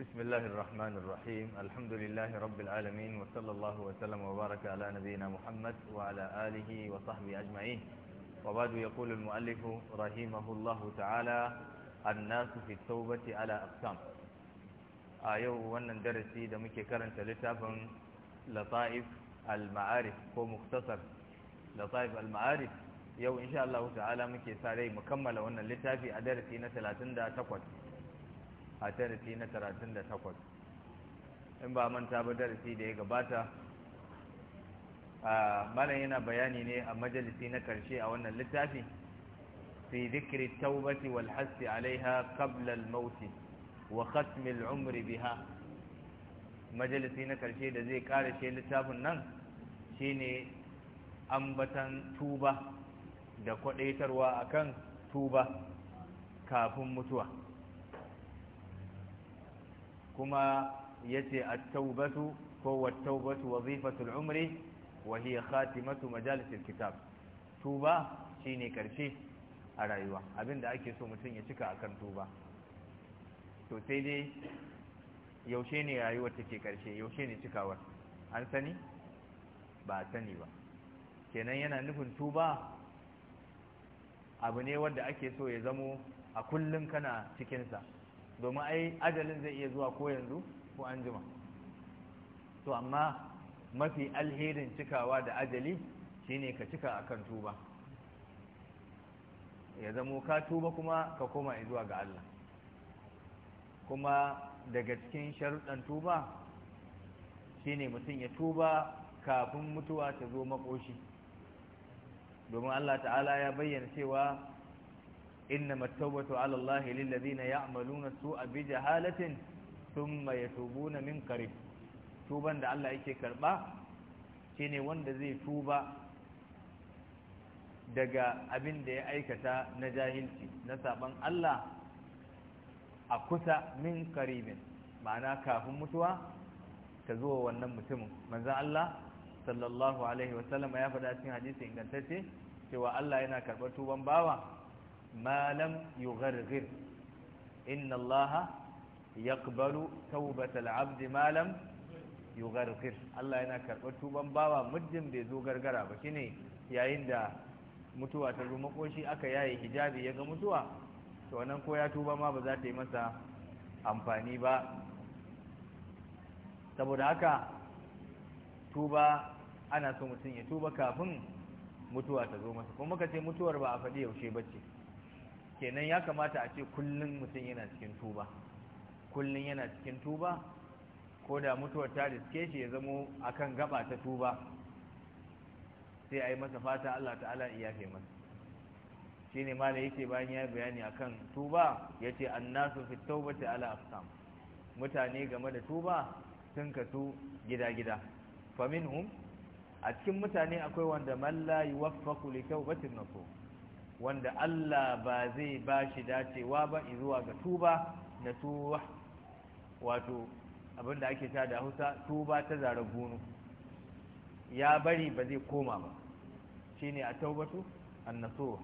بسم الله الرحمن الرحيم الحمد لله رب العالمين وصلى الله وسلم وبارك على نبينا محمد وعلى آله وصحبه أجمعين وبعد يقول المؤلف رحمه الله تعالى الناس في التوبة على أقسام آيو ونن درسي دمك كرنت لتافن لطائف المعارف هو مختصر لطائف المعارف يو إن شاء الله تعالى مكي ساري مكمل ونن لتافي أدرسي نسلة تندى تقوى a darasi na 38 in ba manta ba darasi da ya gabata malam yana bayani ne a majalisi na karshe a wannan littafi fi dhikri taubati wal hasi alaiha qabla al maut wa khatmi al biha majalisi na karshe da zai kare shi littafin nan shine ambatan tuba da kwadaitarwa akan tuba kafin mutuwa kuma yace a taubatu ko wat-taubatu wazifatul umri wa hiya khatimatu majalisar kitab tuba shine karshe a rayuwa abinda ake so mutum ya cika akan tuba to sai dai yaushe ne rayuwar take karshe yaushe ne cikawar an sani ba a sani ba kenan yana nufin tuba abu ne wanda ake so ya zamo a kullum kana cikinsa domin ai ajalin zai iya zuwa ko yanzu ko an jima to amma mafi alherin cikawa da ajali shine ka cika akan tuba ya zamo ka tuba kuma ka koma zuwa ga Allah kuma daga cikin sharuɗan tuba shine mutum ya tuba kafin mutuwa ta zo makoshi domin Allah ta'ala ya bayyana cewa إنما التوبة على الله للذين يعملون السوء بجهالة ثم يتوبون من قريب توبا da Allah yake karba shine wanda zai tuba daga abin da ya aikata na jahilci na saban Allah a kusa min karibin ma'ana kafin mutuwa ta zuwa wannan mutumin manzan Allah sallallahu alaihi wasallama ya faɗa cikin hadisi ingantacce cewa Allah yana karɓar tuban bawa Malam yugharghir inna allaha yaqbalu tawbatal abdi Malam yugharghir Allah yana karɓar tuban bawa muddin bai zo gargara ba shine yayin da mutuwa ta zo makoshi aka yaye hijabi ya ga mutuwa to wannan ko ya tuba ma ba za ta yi masa amfani ba saboda haka tuba ana so mutum ya tuba kafin mutuwa ta zo masa kuma muka ce mutuwar ba a faɗi yaushe ba ce kenan ya kamata a ce kullum mutum yana cikin tuba kullum yana cikin tuba ko da mutuwar ta riske shi ya zamo akan gaba ta tuba sai a yi masa fata Allah ta'ala ya yafe masa shi ne mala yake bayan ya bayani akan tuba ya ce annasu fi taubati ala afsam mutane game da tuba sun kasu gida-gida faminhum a cikin mutane akwai wanda man la yuwaffaqu li taubatin wanda Allah ba zai ba shi dacewa ba zuwa ga tuba na tuba wato abinda ake ta da hausa tuba ta zara gunu ya bari ba zai koma ba shi ne a taubatu annaso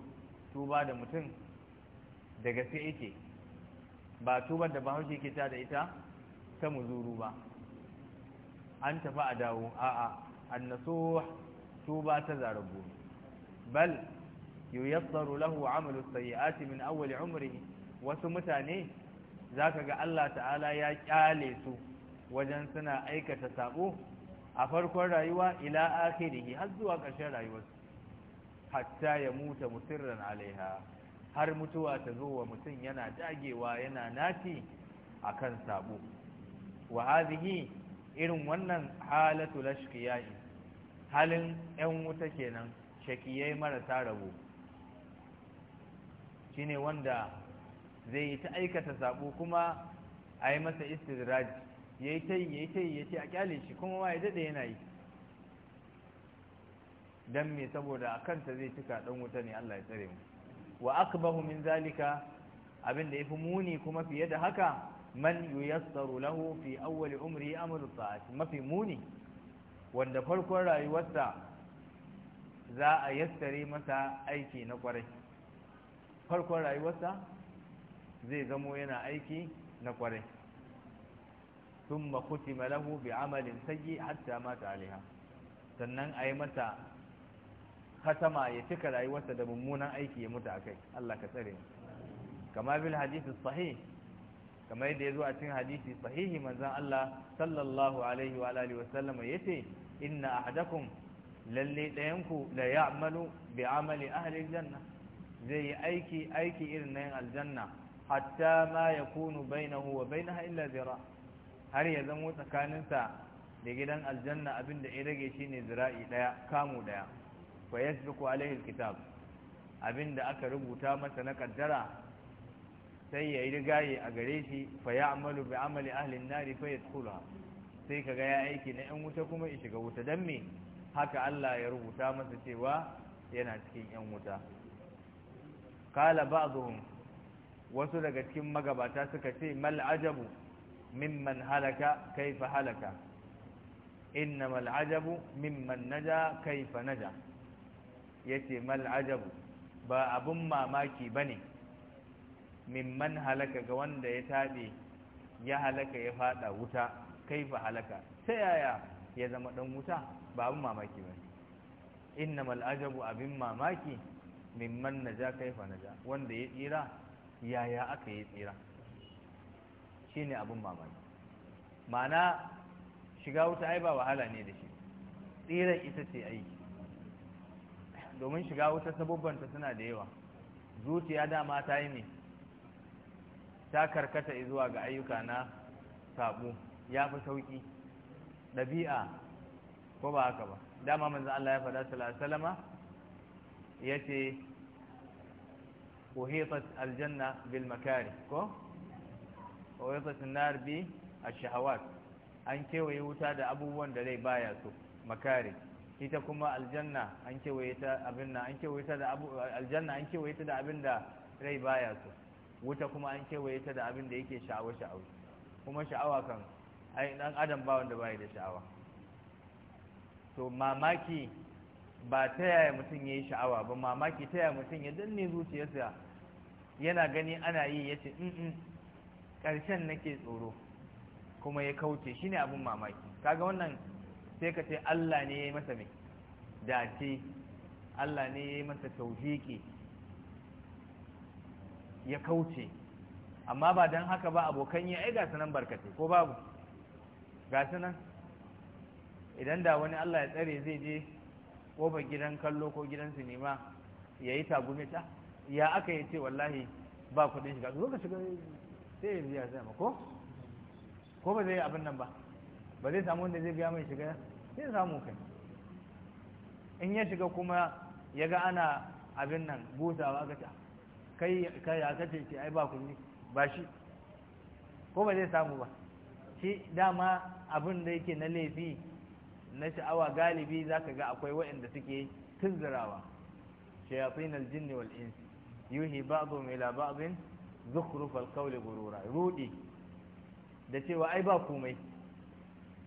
tuba da mutum da gaske yake ba tuban da bahaushe ke ta da ita ta muzuru ba an tafi a dawo a'a annaso tuba ta zara gunu bal yuyassaru lahu amalu sayyi'ati min awwal umrihi wasu mutane zaka ga Allah ta'ala ya kyale su wajen suna aikata sabo a farkon rayuwa ila akhirihi har zuwa ƙarshen rayuwarsu hatta ya muta musirran alaiha har mutuwa ta zo wa mutum yana dagewa yana nati akan sabo wa hadhihi irin wannan halatu lashqiyai halin yan wuta kenan shakiyai marasa rabu. shine wanda zai yi ta aikata sabo kuma a yi masa istidraj ya yi ta yi ya yi ta yi ya ce a kyale shi kuma ma ya daɗe yana yi don me saboda a kanta zai cika ɗan wuta ne Allah ya tsare mu wa akbahu min zalika abin da yafi muni kuma fiye da haka man yuyassaru lahu fi awwal umri amalu sa'ati mafi muni wanda farkon rayuwarsa za a yassare masa aiki na kwarai farkon rayuwarsa zai zamo yana aiki na kwarai sun makuti malahu bi amalin sagi hatta mata aliha sannan a yi mata katama ya cika rayuwarsa da mummunan aiki ya mutu a kai Allah ka tsare kama bil hadisi sahih Kama yadda ya zo a cikin hadisi sahihi manzan Allah sallallahu alaihi wa alihi wasallama ya ce inna ahadakum lalle ɗayanku la ya'malu bi amali ahli janna zai yi aiki aiki irin na yin aljanna hatta ma ya kunu bainahu wa bainaha illa zira har ya zamo tsakaninsa da gidan aljanna abin da ya rage shi ne zira'i daya kamu daya ya yasbiqu alaihi alkitab abin da aka rubuta masa na kaddara sai ya yi rigaye a gare shi fa ya'malu bi amali ahli an-nari fa yadkhulaha sai kaga ya aiki na yan wuta kuma ya shiga wuta dan me haka Allah ya rubuta masa cewa yana cikin yan wuta kala ba'dhum wasu daga cikin magabata suka ce mal ajabu mimman halaka kaifa halaka innamal ajabu mimman naja kaifa naja yace mal ajabu ba abun mamaki ba bane mimman halaka ga wanda ya tabe ya halaka ya fada wuta kaifa halaka ta yaya ya zama ɗan wuta ba abun mamaki ba ne. bane innamal ajabu abin mamaki mimman naja kaifa naja wanda ya tsira yaya aka yi tsira shine abin mamaki ma'ana shiga wuta ai ba wahala ne da shi tsira ita ce aiki domin shiga wuta sabubbanta suna da yawa zuciya dama ta yi ne ta karkata zuwa ga ayyuka na sabo ya fi sauƙi ɗabi'a ko ba haka ba dama manzan Allah ya faɗa salama yace uhitat aljanna bil makari ko uhitat an-nar bi ash-shahawat an kewaye wuta da abubuwan da rai baya so makari ita kuma aljanna an kewaye ta abin nan an kewaye ta da abu aljanna an kewaye ta da abin da rai baya so wuta kuma an kewaye ta da abin da yake sha'awa sha'awa kuma sha'awa kan ai dan adam ba wanda bai da sha'awa to mamaki ba ta yaya mutum ya yi sha'awa ba mamaki ta yaya mutum ya danne zuciyarsa yana gani ana yi ya ce in ƙarshen nake tsoro kuma ya kauce shi ne abin mamaki kaga wannan sai ka ce Allah ne ya yi masa mai dace Allah ne ya yi masa taujiki ya kauce amma ba don haka ba abokan yi ai gasu nan barkatai ko babu gasu nan idan da wani Allah ya tsare zai je kofar gidan kallo ko gidan sinima ya yi tagumita ta ya aka yi ce wallahi ba kudin shiga zuwa ka shiga sai ya biya zama ko ko ba zai yi abin nan ba ba zai samu wanda zai biya mai shiga sai samu kai in ya shiga kuma ya ga ana abin nan busawa aka ta kai ya kace ce ce ai ba kudi ba shi ko ba zai samu ba shi dama abin da yake na laifi na sha'awa galibi za ka ga akwai waɗanda suke tunzirawa shayafin aljinni wal insi yuhi ba'dhu ila ba'dhin zukhruf al-qawl gurura rudi da cewa ai ba komai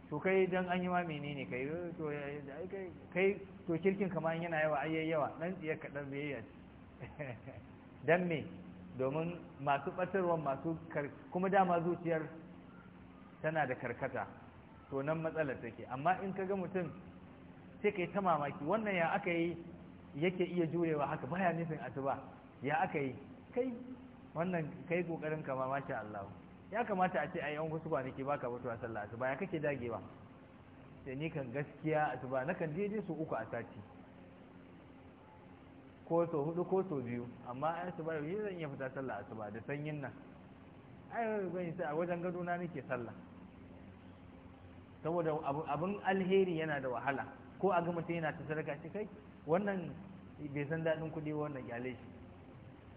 to kai dan an yi wa menene kai to kai kai to kirkin kamar yana yawa ai yawa dan tsiye kadan biyayya dan me domin masu batarwa masu kuma dama zuciyar tana da karkata to nan matsalar take amma in ka ga mutum sai ka yi ta mamaki wannan ya aka yi yake iya jurewa haka baya nufin asuba ya aka yi kai wannan kai kokarin ka mamaci Allah ya kamata a ce ai an wasu kwanaki baka mutuwa sallah asuba ya kake dagewa sai ni kan gaskiya asuba na kan je su uku a sati ko so hudu ko so biyu amma ai asuba yau zan iya fita sallah asuba da sanyin nan ai ban sai a wajen gado na nake sallah saboda abin alheri yana da wahala ko a ga mutum yana ta sadaka shi kai wannan bai san daɗin kuɗi wannan gyale shi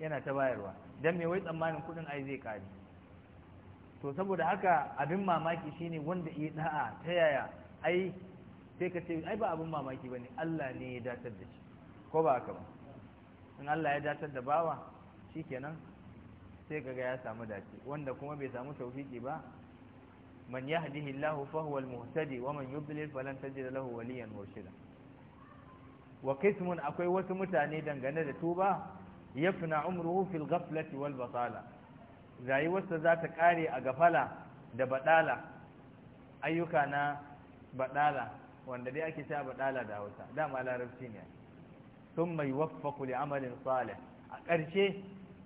yana ta bayarwa dan me wai tsammanin kuɗin ai zai kare to saboda haka abin mamaki shine wanda iya da'a ta yaya ai sai ka ce ai ba abin mamaki bane Allah ne ya datar da shi ko ba haka ba in Allah ya datar da bawa shikenan sai kaga ya samu dace wanda kuma bai samu taufiki ba من يهده الله فهو المهتدي ومن يضلل فلن تجد له وليا مرشدا وقسم akwai wasu mutane dangane da tuba yafna umruhu fil ghaflati wal batala rayuwarsa za ta kare a gafala da badala ayyuka na badala wanda dai ake sa badala da Hausa dama larabci ne thumma yuwaffaqu li amalin salih a ƙarshe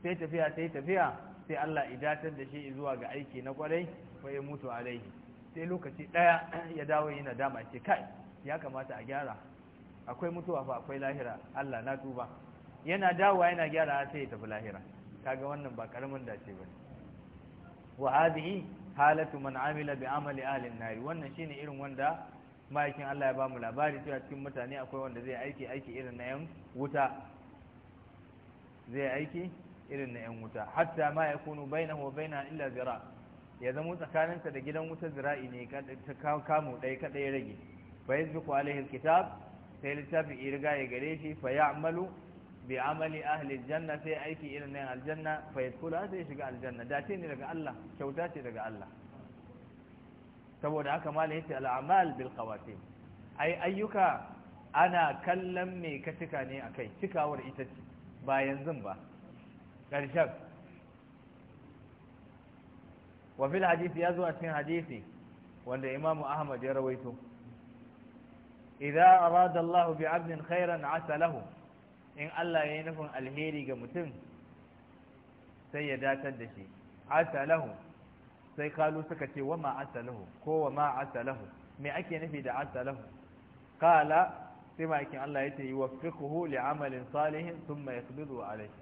sai tafiya sai tafiya sai Allah idatar da shi zuwa ga aiki na kwarai fa ya mutu alaihi sai lokaci daya ya dawo yana dama ce kai ya kamata a gyara akwai mutuwa fa akwai lahira Allah na tuba yana dawowa yana gyara sai ya tafi lahira kaga wannan ba karamin dace bane wa hadhihi halatu man amila bi amali ahli an wannan shine irin wanda ma'aikin Allah ya ba mu labari cewa cikin mutane akwai wanda zai aiki aiki irin na yan wuta zai aiki irin na yan wuta hatta ma yakunu bainahu wa bainaha illa zira ya zama tsakaninsa da gidan wutar zira'i ne ta kamo ɗaya kaɗai ya rage bai yi zuku alaihin kitab sai littafi ya riga ya gare shi fa ya amalu bi amali ahli janna sai aiki irin na aljanna fa ya kula sai shiga aljanna dace ne daga Allah kyauta ce daga Allah saboda haka mala yace al'amal bil kawate ai ayyuka ana kallon me ka cika ne a kai cikawar ita ce ba yanzu ba ƙarshen wafil hadisi ya zuwa cikin hadisi wanda imamu ahmad ya rawaito idza arada allah bi 'abdin khairan asalahu, in allah yayi nufin alheri ga mutum sai ya datar da shi Asalahu sai kalu suka ce wa ma ko wa ma me ake nufi da asa lahu qala sai ma'aikin allah yace yuwaffiquhu li'amalin salihin thumma yaqbidu alayhi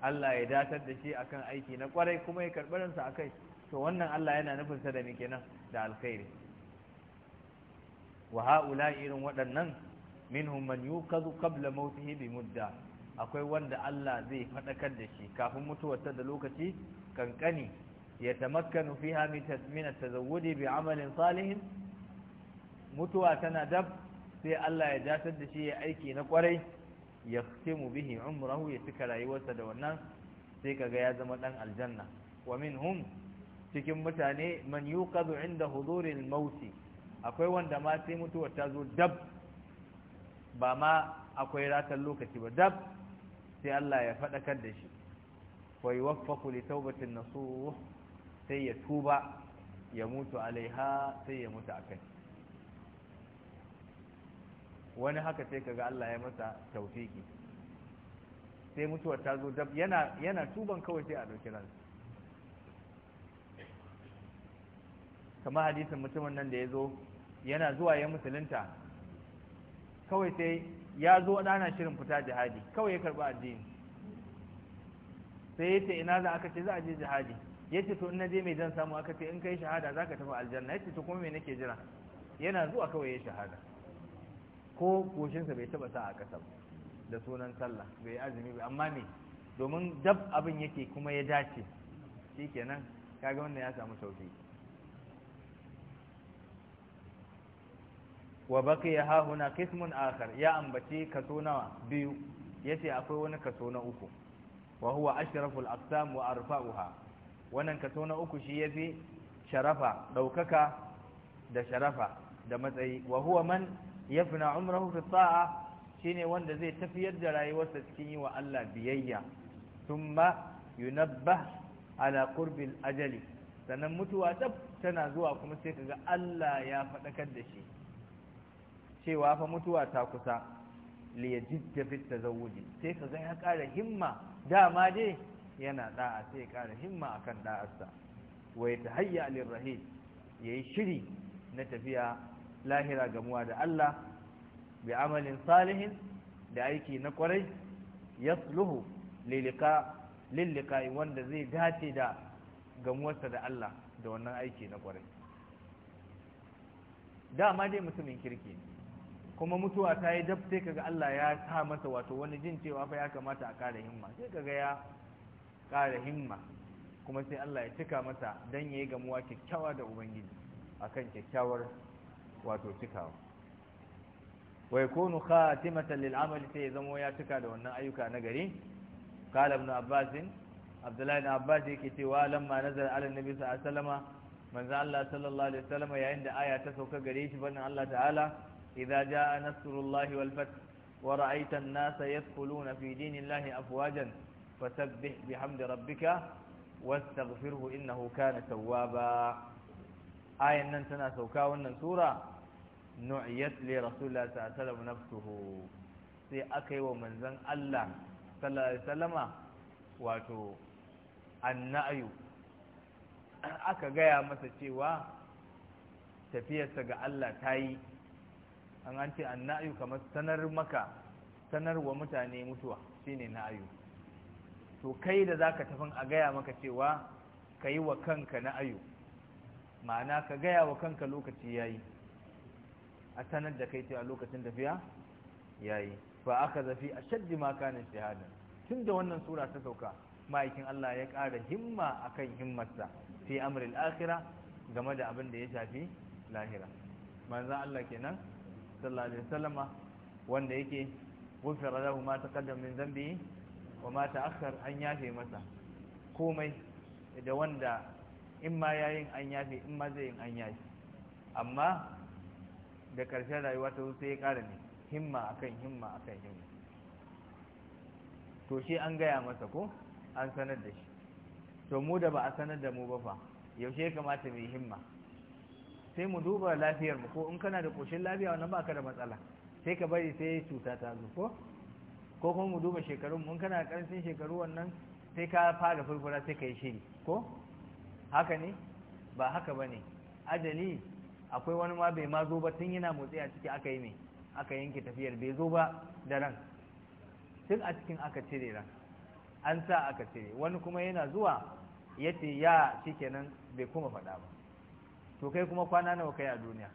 Allah ya datar da shi akan aiki na kwarai kuma ya karɓarinsa a kai to wannan Allah yana nufin sa da me kenan da alkhairi wa haula irin waɗannan minhum man yukazu qabla mautihi bi mudda akwai wanda Allah zai fadakar da shi kafin mutuwarsa da lokaci kankani ya tamakkanu fiha min tasmin at-tazawwudi bi amalin salihin mutuwa tana dab sai Allah ya jatar da shi ya aiki na kwarai ya mu bihi umrahu ya cika rayuwarsa da wannan sai kaga ya zama dan aljanna wa minhum cikin mutane man yuqadu inda huduril mausi, akwai wanda ma sai mutuwar ta zo dab ba ma akwai ratan lokaci ba dab sai Allah ya faɗakar da shi wa yuwaffaqu li tawbatin nasuh sai ya tuba ya mutu alaiha sai ya mutu akai wani haka sai kaga Allah ya masa tawfiki sai mutuwar ta zo dab yana yana tuban kawai sai a dauki ransa kamar hadisin mutumin nan da ya zo yana zuwa ya musulunta kawai sai ya zo ɗana shirin fita jihadi kawai ya karɓi addini sai ya ce ina za aka ce za a je jihadi ya ce to ina je mai zan samu aka ce in kai shahada za ka tafi aljanna ya ce to kuma me nake jira yana zuwa kawai ya shahada ko goshinsa bai taɓa sa a ƙasa da sunan sallah bai yi azumi ba amma me domin dab abin yake kuma ya dace shikenan kaga wannan ya samu sauki wa baqiya ya hahuna qismun akar ya ambaci kaso nawa biyu yace akwai wani kaso na uku wa huwa ashraful aqsam wa arfa'uha wannan kaso na uku shi yafi sharafa daukaka da sharafa da matsayi wa huwa man yafna umrahu fi ta'a shine wanda zai tafiyar da rayuwarsa cikin yi wa Allah biyayya thumma yunabbah ala qurbil ajali sannan mutuwa tab tana zuwa kuma sai kaga Allah ya fadakar da shi cewa fa mutuwa ta kusa li yajidda fi tazawuji sai ka ga ya ƙara himma dama dai yana da'a sai ya ƙara himma akan da'arsa ta hayya lil rahil yayi shiri na tafiya lahira gamuwa da Allah bi amalin salihin da aiki na kwarai ya lilika lillikai wanda zai dace da gamuwarsa da Allah da wannan aiki na kwarai dama dai mutumin kirki ne kuma mutuwa ta yi dab sai kaga Allah ya sa masa wato wani jin cewa fa ya kamata a kara himma sai kaga ya kara himma kuma sai Allah ya cika masa dan yayi gamuwa kyakkyawa da ubangiji akan kyakkyawar wato cikawa wa yakunu khatimatan lil amali sai ya zamo ya cika da wannan ayyuka na gari qala ibn abbas abdullahi ibn abbas yake cewa lamma nazala ala nabi sallallahu alaihi wasallama manzo Allah sallallahu alaihi wasallama yayin da aya ta sauka gare shi bannin Allah ta'ala اذا جاء نصر الله والفتح ورأيت الناس يدخلون في دين الله افواجا فسبح بحمد ربك واستغفره انه كان توابا ايه ان تنا سوكا wannan sura nu'iyat li rasulillahi sallallahu alaihi wasallam nafsuhu sai wa manzon Allah sallallahu alaihi wasallama wato annayu aka gaya masa cewa tafiyarsa ga Allah tayi an an ce an na'ayu kamar sanar maka sanar wa mutane mutuwa shine na'ayu to kai da za ka tafin a gaya maka cewa ka yi wa kanka na'ayu ma'ana ka gaya wa kanka lokaci ya yi, a sanar da kai cewa lokacin tafiya ya yayi ba aka zafi a shaddi makanin shahada tun da wannan sura ta sauka ma'aikin Allah ya ƙara himma a kan himmarsa fi amurin akira game da abin da ya shafi lahira manzan Allah kenan sallallahu alaihi wasallam wanda yake gufira lahu ma taqaddama min dhanbi wa ma ta'akhkhar an yafe masa komai da wanda in ma yayin an yafe in ma zai yin an yafe amma da karshen rayuwa ta sai ya ƙara ne himma akan himma akan himma to shi an gaya masa ko an sanar da shi to mu da ba a sanar da mu ba fa yaushe kamata mai himma sai mu duba lafiyar ko in kana da koshin lafiya wannan baka da matsala sai ka bari sai cuta ta zo ko ko kuma mu duba shekarun mun kana karancin shekaru wannan sai ka fara furfura sai ka yi shiri ko haka ne ba haka bane ajali akwai wani ma bai ma zo ba tun yana motsi a ciki aka yi mai aka yanke tafiyar bai zo ba da ran tun a cikin aka cire ran an sa aka cire wani kuma yana zuwa yace ya ce ya bai kuma faɗa ba to kai kuma kwana nawa kai a duniya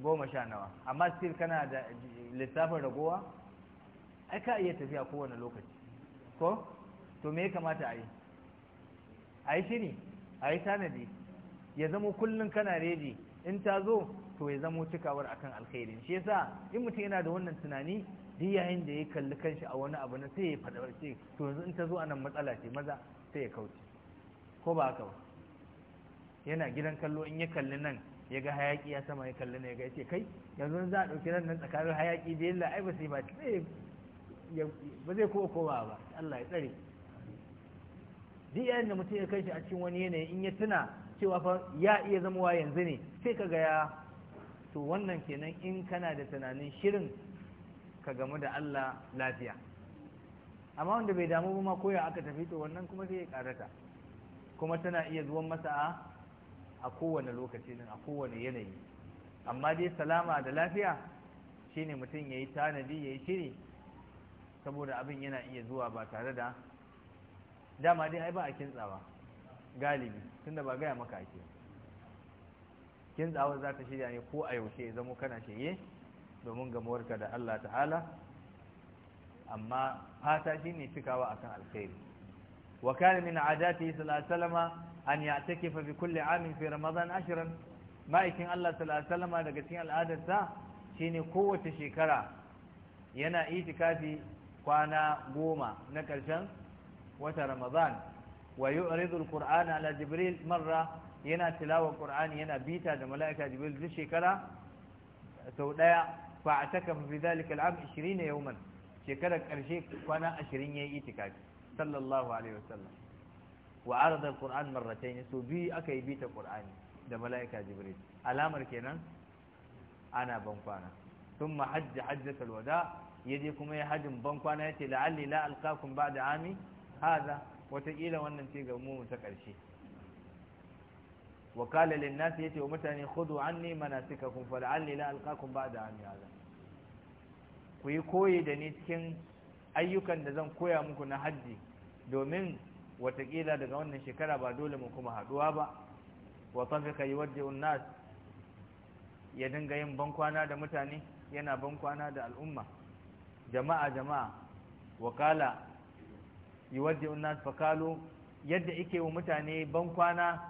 goma sha nawa amma still kana da lissafin ragowa ai ka iya tafiya kowane lokaci ko to me ya kamata a yi a yi shiri a yi tanadi ya zama kullum kana reji in ta zo to ya zamo cikawar akan alkhairin shi yasa in mutum yana da wannan tunani duk yayin da ya kalli kanshi a wani abu na sai ya faɗa to yanzu in ta zo a nan matsala ce maza sai ya kauce ko ba haka ba yana gidan kallo in ya kalli nan ya ga hayaki ya sama ya kalli nan ya ya ce kai yanzu za a ɗauki nan nan tsakanin hayaki da yalla ai ba sai ba ba zai kowa kowa ba Allah ya tsare duk yayin da mutum ya kai shi a cikin wani yanayi in ya tuna cewa fa ya iya zamowa yanzu ne sai ka ga ya to wannan kenan in kana da tunanin shirin ka gamu da Allah lafiya amma wanda bai damu ba ma koya aka tafi to wannan kuma zai karata kuma tana iya zuwan masa a a kowane lokaci din a kowane yanayi amma dai salama da lafiya shine mutum ya yi tanadi ya yi shiri saboda abin yana iya zuwa ba tare da dama dai ai ba a kintsawa galibi tunda ba gaya maka ake kintsawa za ta shirya ne ko a yaushe ya zamo kana shirye domin gamuwarka da Allah ta'ala amma fata shine cikawa akan alkhairi wa kana min adati sallallahu alaihi wasallama an ya take fa bi kulli amin fi ramadan ashirin ma'aikin Allah sallallahu daga cikin al'adarsa shine kowace shekara yana itikafi kwana goma na karshen wata ramadan wa yu'ridu al-qur'ana ala jibril marra yana tilawa qur'ani yana bita da mala'ika jibril duk shekara sau daya fa atakafa fi dhalika al-am 20 yawman shekarar ƙarshe kwana 20 yayi itikafi sallallahu alaihi wasallam wa arzal qur'an marratayn so bi aka yi bita qur'ani da malaika jibril alamar kenan ana ban kwana thumma hajja hajjat alwada yaje kuma ya hajin ban kwana yace la'alli la alqakum ba'da ami hada wataƙila wannan ce ga mu ta ƙarshe wa qala lin nas yace wa mutane khudu anni manasikakum fa la'alli la alqakum ba'da ami hada ku yi koyi da ni cikin ayyukan da zan koya muku na hajji domin watakila daga wannan shekara ba dole mu kuma haduwa ba wa tafika yuwaddi'un nas ya dinga yin bankwana da mutane yana bankwana da al'umma jama'a jama'a wakala yuwaddi'un nas fakalu yadda ike wa mutane bankwana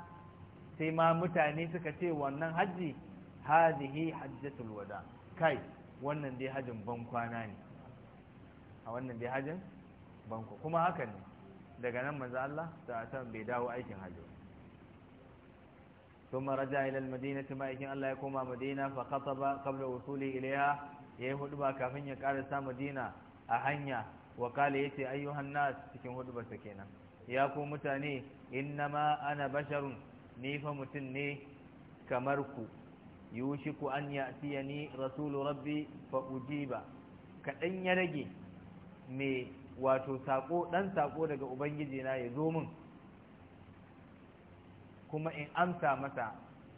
sai ma mutane suka ce wannan hajji hadhihi hajjatul wada kai wannan dai hajin bankwana ne a wannan dai hajin banko kuma haka ne daga nan maza Allah ta san bai dawo aikin hajji kuma raja ilal madina ta ma'aikin Allah ya koma madina fa kasa ba kabla wasuli iliya ya yi hudu ba kafin ya karasa madina a hanya wa kala ya ce ayyuhan nas cikin hudu kenan ya ku mutane ma ana basharun ni fa mutum ne kamar ku yushi ku an siya ni rasulu rabbi fa uji ba kaɗan ya rage mai wato sako dan sako daga na ya zo min kuma in amsa masa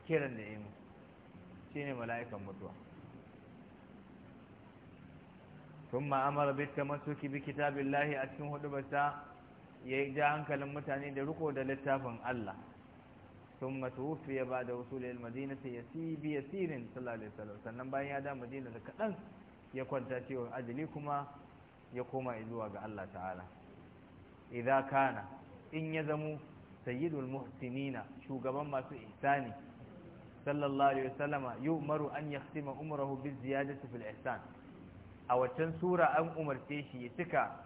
kiran da ya yi mala’ikan mutuwa tun ma’amar bitta masu kibi kitabin lahi a cikin hudu bata ya yi ja hankalin mutane da riko da littafin Allah tun masu ya ba da wasu da ilmadina ya biya sallallahu alaihi sannan bayan ya da madina da kaɗan ya kwanta cewa ajali kuma ya koma zuwa ga Allah ta'ala idza kana in ya zamo sayyidul muhsinina shugaban masu ihsani sallallahu alaihi wasallama yu'maru an yahtima umrahu bi ziyadati fil ihsan a waccan sura an umarce shi ya cika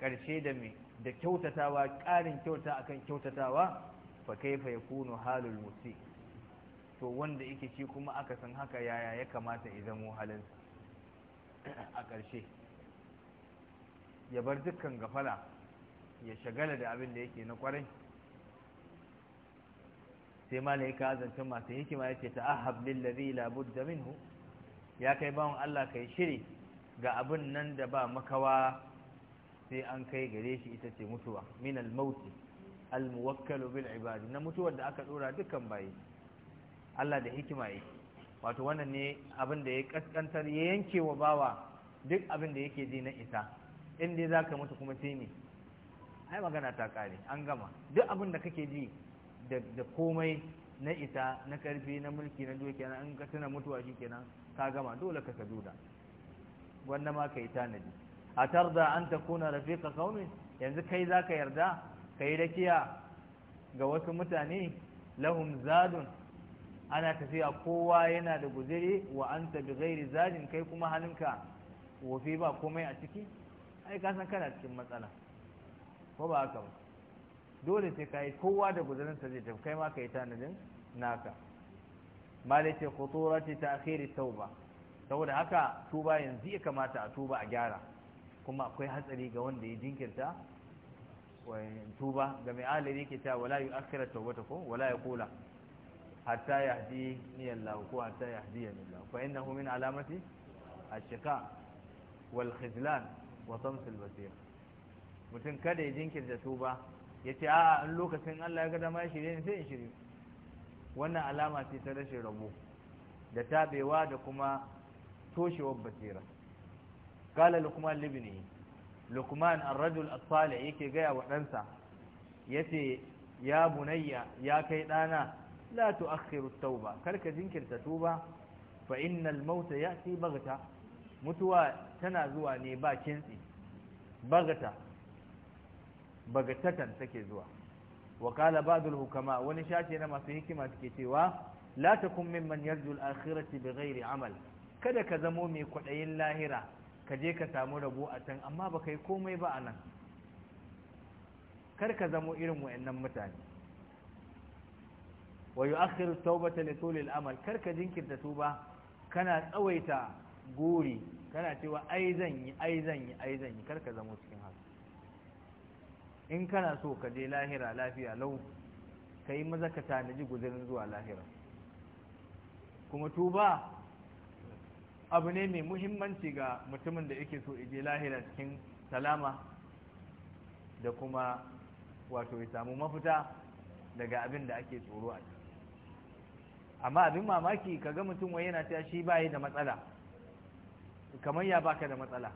karshe da me da kyautatawa ƙarin kyauta akan kyautatawa fa kaifa yakunu halul to wanda yake ci kuma aka san haka yaya ya kamata ya zamo halinsa a ƙarshe ya bar dukkan gafala ya shagala da abin da yake na kwarai sai ka azancin masu hikima ce ta ahab ah, lillazi la budda minhu ya kai bawon Allah kai shiri ga abin nan da ba makawa sai an kai gare shi ita ce mutuwa min al mauti al bil ibadi na mutuwar da aka dora dukkan baye Allah da hikima yi wato wannan ne abin da ya kaskantar ya yanke wa bawa duk abin da yake ji na isa in dai ka mutu kuma sai me ai magana ta kare an gama duk abin da kake ji da komai na ita na karfi na mulki na doki na in ka tuna mutuwa kenan ka gama dole ka saduda wanda ma ka kai tanadi a tarda an rafi rafiqa qaumin yanzu kai za ka yarda ka yi rakiya ga wasu mutane lahum zadun ana tafiya kowa yana da guziri wa anta bi ghairi zadin kai kuma halinka wofi ba komai a ciki ai ka san kana cikin matsala ko ba haka ba dole sai kai kowa da ta zai tafi kai ma ka yi tanadin naka malai ce khuturati ta'khiri tauba saboda haka tuba yanzu ya kamata a tuba a gyara kuma akwai hatsari ga wanda ya jinkirta tuba ga mai aliri ke ta wala yu'akhkhira tawbata ko wala yaqula hatta yahdi ni Allah ko hatta yahdi ni Allah fa innahu min alamati ash-shiqa wal khizlan wa samsul mutum kada ya jinkirta tuba ya ce a'a in lokacin Allah ya ga dama ya shirye ni sai in shirye wannan alama ce ta rashin rabo da tabewa da kuma toshewar basira kala lukman libni lukman ar-rajul yake gaya wa ɗansa yace ya bunayya ya kai ɗana la tu'akhiru at-tauba kar ka jinkirta tuba fa innal mauta ya'ti baghta mutuwa tana zuwa ne ba kintsi bagata bagatatan take zuwa wakala qala ba'dul hukama wani shace na masu hikima suke cewa la takum mimman yarju al-akhirati bighairi amal kada ka zamo mai kwadayin lahira ka je ka samu rabo a can amma baka yi komai ba anan kar ka zamo irin wayannan mutane wa yu'akhiru at-taubata li tuli al-amal kar ka jinkirta tuba kana tsawaita guri kana cewa ai zan yi ai zan yi ai zan yi karka zamo cikin haka in kana so ka je lahira lafiya lau ka yi maza ka tanaji guzirin zuwa lahira kuma tuba abu ne mai muhimmanci ga mutumin da yake so je lahira cikin salama da kuma wato ya samu mafita daga abin da ake tsoro a amma abin mamaki ka ga mutum wai yana ta shi bayi da matsala kamar ya baka da matsala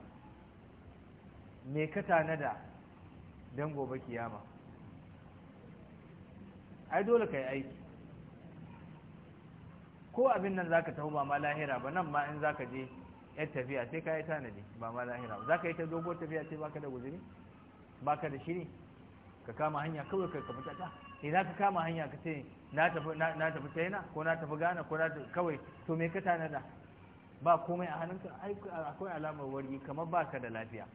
me ka tanada don gobe kiyama ai dole ka yi aiki ko abin nan zaka taho ba ma lahira ba nan ma in zaka je yar tafiya sai ka yi tanadi ba ma lahira ba zaka yi ta dogon tafiya sai baka da guzuri baka da shiri ka kama hanya kawai ka kafa tata sai za ka kama hanya ka ce na tafi china ko na tafi ghana ko na tafi kawai to me ka tanada ba komai a hannunka akwai alamar wargi kamar baka da lafiya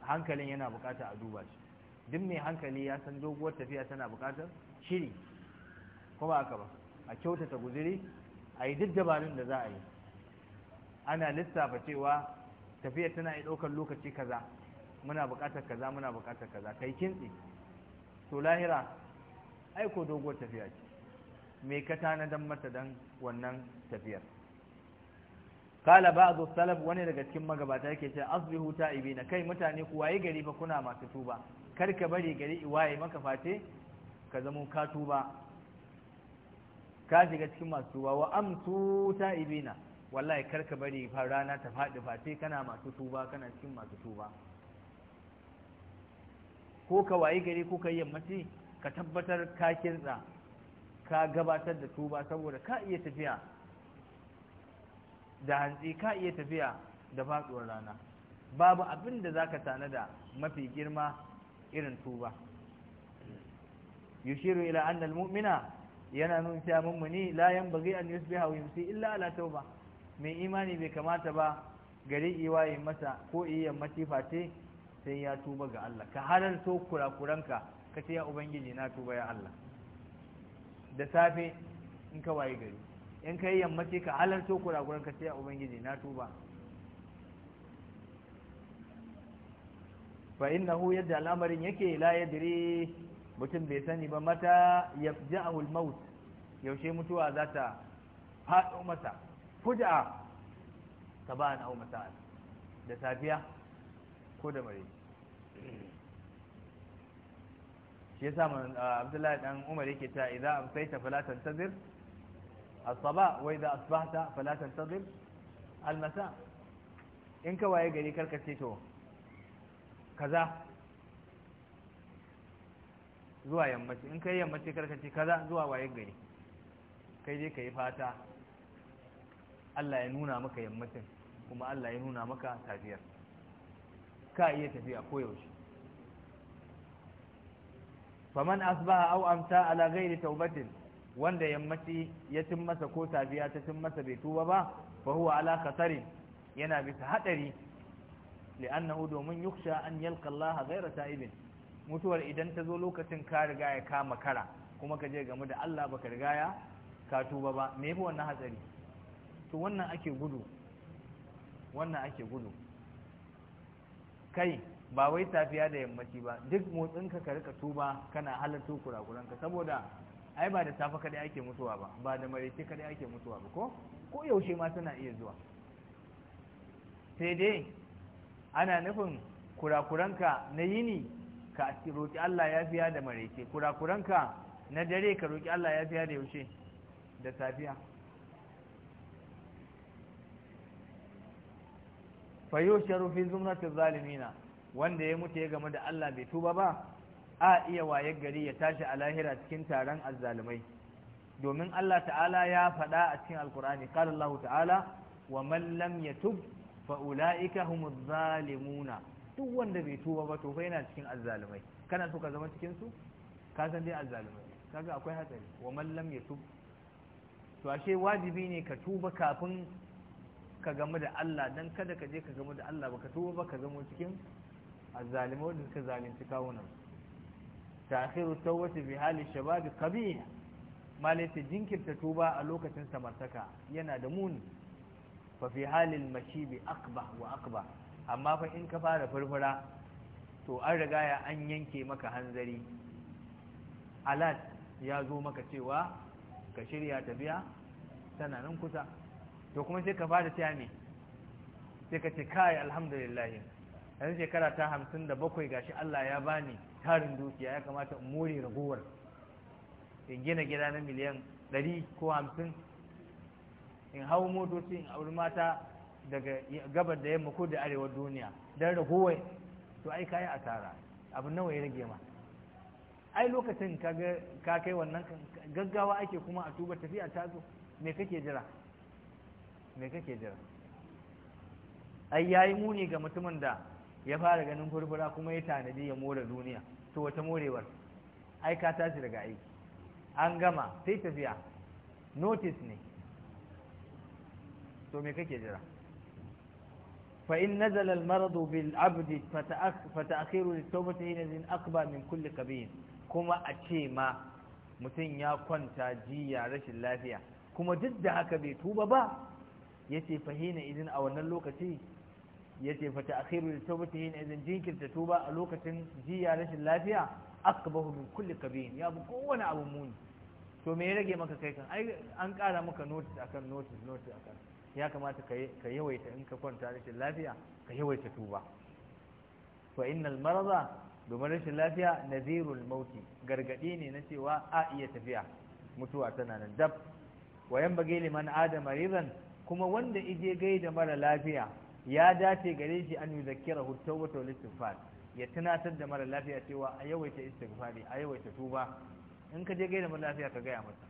hankalin yana bukata a duba shi duk mai hankali ya san doguwar tafiya tana bukatar shiri ko ba haka ba a kyautata guziri a yi duk dabarun da za a yi ana lissafa cewa tafiyar tana yi ɗaukar lokaci kaza muna buƙatar kaza muna buƙatar kaza kai kintsi to lahira aiko doguwar tafiya ce me ka tanadan mata dan wannan tafiyar kala zo salaf wani daga cikin magabata yake ce asbihu ta'ibina kai mutane ku waye gari fa kuna masu tuba kar ka bari gari waye maka fate ka zamo ka tuba ka shiga cikin masu tuba wa amsu ta'ibina wallahi kar ka bari fa rana ta fadi fate kana masu tuba kana cikin masu tuba ko ka waye gari ko ka yammaci ka tabbatar ka kintsa ka gabatar da tuba saboda ka iya tafiya da hantsi ka iya tafiya da faduwar rana babu abin da za ka tana da mafi girma irin tuba yushiru ila annal almu'mina yana nun cewa mummuni la yanbaghi an yusbiha yumsi illa ala tauba mai imani bai kamata ba gari yi masa ko iya matifa ce sai ya tuba ga Allah ka to kurakuranka ka ce ya ubangiji na tuba ya Allah da safe in ka waye gari in ka yi yammaci ka halarto kurakuran ka a ubangiji na tuba fa innahu yadda al'amarin yake la yadri mutum bai sani ba mata ya al-maut yaushe mutuwa za ta haɗo masa fuja? ta ba aw masa'al da safiya ko da mare shi ya yasa ah, Abdullahi dan Umar yake ta idza ta fala tantazir الصباح وإذا أصبحت فلا تنتظر المساء إنك وإيقري كالكتيتو كذا zuwa yammaci in kai yammaci karkace kaza zuwa waye gari kai dai kai fata Allah ya nuna maka yammacin kuma Allah ya nuna maka tafiyar ka iya tafiya ko yaushe? faman asbaha aw amsa ala ghairi taubatin wanda yammaci ya cin masa ko safiya ta cin masa bai tuba ba fa huwa ala khatari yana bisa hadari li'annahu domin yukhsha an yalqa Allah ghayra ta'ibin mutuwar idan ta zo lokacin ka riga ya kama kara kuma ka je game da Allah baka riga ya ka tuba ba me yafi wannan hatsari to wannan ake gudu wannan ake gudu kai ba wai safiya da yammaci ba duk motsin ka ka rika tuba kana halatto kurakuranka saboda ai ba da safa kadai ake mutuwa ba ba da maraice kadai ake mutuwa ba ko ko yaushe ma suna iya zuwa sai dai ana nufin kurakuranka na yini ka roƙi Allah ya fiya da maraice kurakuranka na dare ka roƙi Allah ya fiya da yaushe da safiya Fa yusharu fi zumratiz zalimina wanda ya mutu ya game da Allah bai tuba ba a iya waye gari ya tashi a lahira cikin taron azzalumai domin Allah ta'ala ya faɗa a cikin alkur'ani qala Allah ta'ala wa man lam yatub fa ulaika humuz zalimuna duk wanda bai tuba ba to yana cikin azzalumai kana so ka zama cikin su ka san dai azzalumai kaga akwai hatsari wa man lam yatub to ashe wajibi ne ka tuba kafin ka gamu da Allah dan kada ka je ka gamu da Allah ba ka tuba ba ka zama cikin azzalumai wanda suka zalunci kawunan ta'khiru tawbati bi hali shababi qabih malaita jinkirta tuba a lokacin samartaka yana da muni fa fi halil mashibi akba wa akba amma fa in ka fara furfura to an riga ya an yanke maka hanzari alat ya zo maka cewa ka shirya tafiya tana nan kusa to kuma sai ka fara cewa me sai ka ce kai alhamdulillah yanzu shekara ta hamsin da bakwai ga shi Allah ya bani tarin dukiya ya kamata in more ragowar in gina gida na miliyan ɗari ko hamsin in hau motoci in auri mata daga gabar da yamma ko da arewa duniya don ragowar to ai kayi asara abu nawa ya rage ma ai lokacin ka kai wannan gaggawa ake kuma a tuba tafiya ta zo me kake jira me kake jira ai yayi muni ga mutumin da ya fara ganin furfura kuma ya tanadi ya more duniya to wata morewar ai ka tashi daga aiki an gama sai tafiya notice ne to me kake jira fa in nazala al maradu bil abd fa ta'khiru lit tawbati zin aqba min kulle kabir kuma a ce ma mutum ya kwanta jiya rashin lafiya kuma duk da haka bai tuba ba yace ce hina idin a wannan lokaci Ya yace fa ta'khiru yin idan jinkirta tuba a lokacin jiya rashin lafiya akbahu min kulli kabir ya bu kowane abu muni to me ya rage maka kai kan ai an kara maka notice akan notice notice akan ya kamata ka yawaita in ka kwanta rashin lafiya ka yawaita tuba fa innal marada domin rashin lafiya nazirul mauti gargadi ne na cewa a iya tafiya mutuwa tana nan dab 'yan bage liman adam maridan kuma wanda ije gaida mara lafiya ya dace gare shi an yuzakkirahu tawbatu wal istighfar ya tunatar da mara lafiya cewa a yawaita istighfari a yawaita tuba in ka je gaida mara lafiya ka gaya masa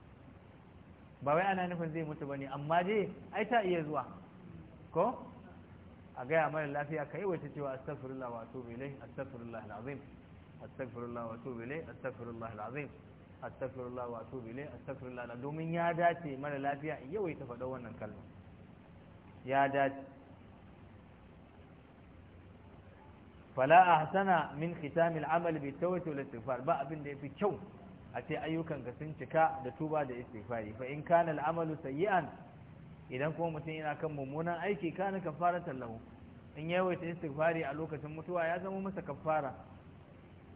ba wai ana nufin zai mutu bane amma je ai ta iya zuwa ko a gaya mara lafiya ka yawaita cewa astaghfirullah wa atubu ilayhi astaghfirullah alazim astaghfirullah wa atubu ilayhi astaghfirullah alazim astaghfirullah wa atubu ilayhi astaghfirullah domin ya dace mara lafiya yawaita faɗa wannan kalma ya dace fala hasana min kitamil amal bi tawbati wal istighfar ba abin da yafi kyau a ce ayyukan ka sun cika da tuba da istighfari fa in kana al amalu sayyi'an idan kuma mutum yana kan mummunan aiki kana kafaratan lahu in yawaita istighfari a lokacin mutuwa ya zama masa kafara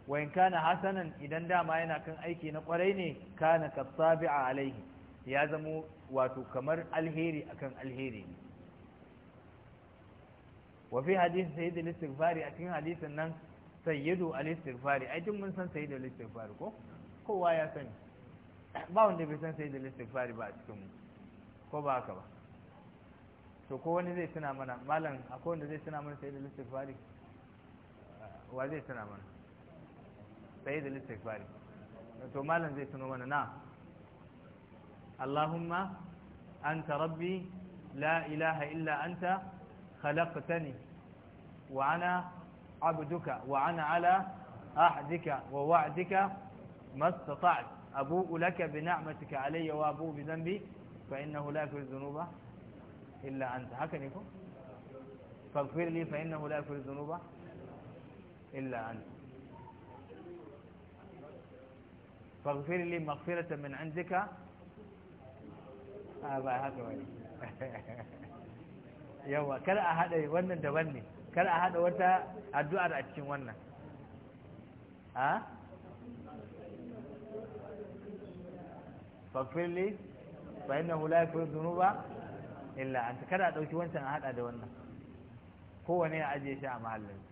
wa in kana hasanan idan dama yana kan aiki na kwarai ne kana kasabi'a alaihi ya zama wato kamar alheri akan alheri ne wa fi hadisi sayyidul istighfari a cikin hadisin nan sayyidu al-istighfari ai duk mun san sayyidul istighfari ko kowa ya sani ba wanda bai san sayyidul istighfari ba a cikin mu ko ba haka ba to ko wani zai tuna mana malam akwai wanda zai tuna mana sayyidul istighfari wa zai tuna mana sayyidul istighfari to malam zai tuno mana na Allahumma anta rabbi la ilaha illa anta خلقتني وأنا عبدك وأنا على أحدك ووعدك ما استطعت أبوء لك بنعمتك علي وأبوء بذنبي فإنه لا يغفر الذنوب إلا أنت هكذا يكون فاغفر لي فإنه لا يغفر الذنوب إلا أنت فاغفر لي مغفرة من عندك هذا آه، هكذا yawa kar a haɗa wannan daban ne kar a haɗa wata addu'ar a cikin wannan ha? fafirli fa inna hula fi zunuba illa an kar a ɗauki wancan a haɗa da wannan kowane ya ajiye shi a mahallin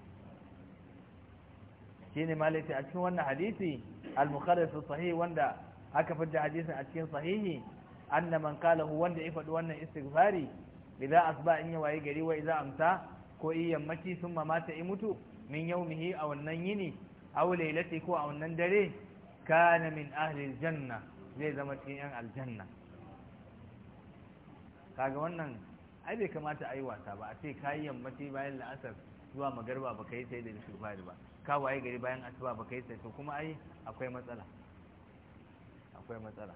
ne malaiti a cikin wannan hadisi al-mukharris sahih wanda aka fadda hadisin a cikin sahihi annaman kalahu wanda ya faɗi wannan istighfari idan asba in ya waye gari wa iza amsa ko in yammaci sun mamata in mutu min yaumihi a wannan yini aw lailati ko a wannan dare kana min ahli janna zai zama cikin yan aljanna kaga wannan ai bai kamata ayi wasa ba a ce kai yammaci bayan la'asar zuwa magarba ba kai sai da istighfar ba ka waye gari bayan asuba ba kai sai to kuma ai akwai matsala akwai matsala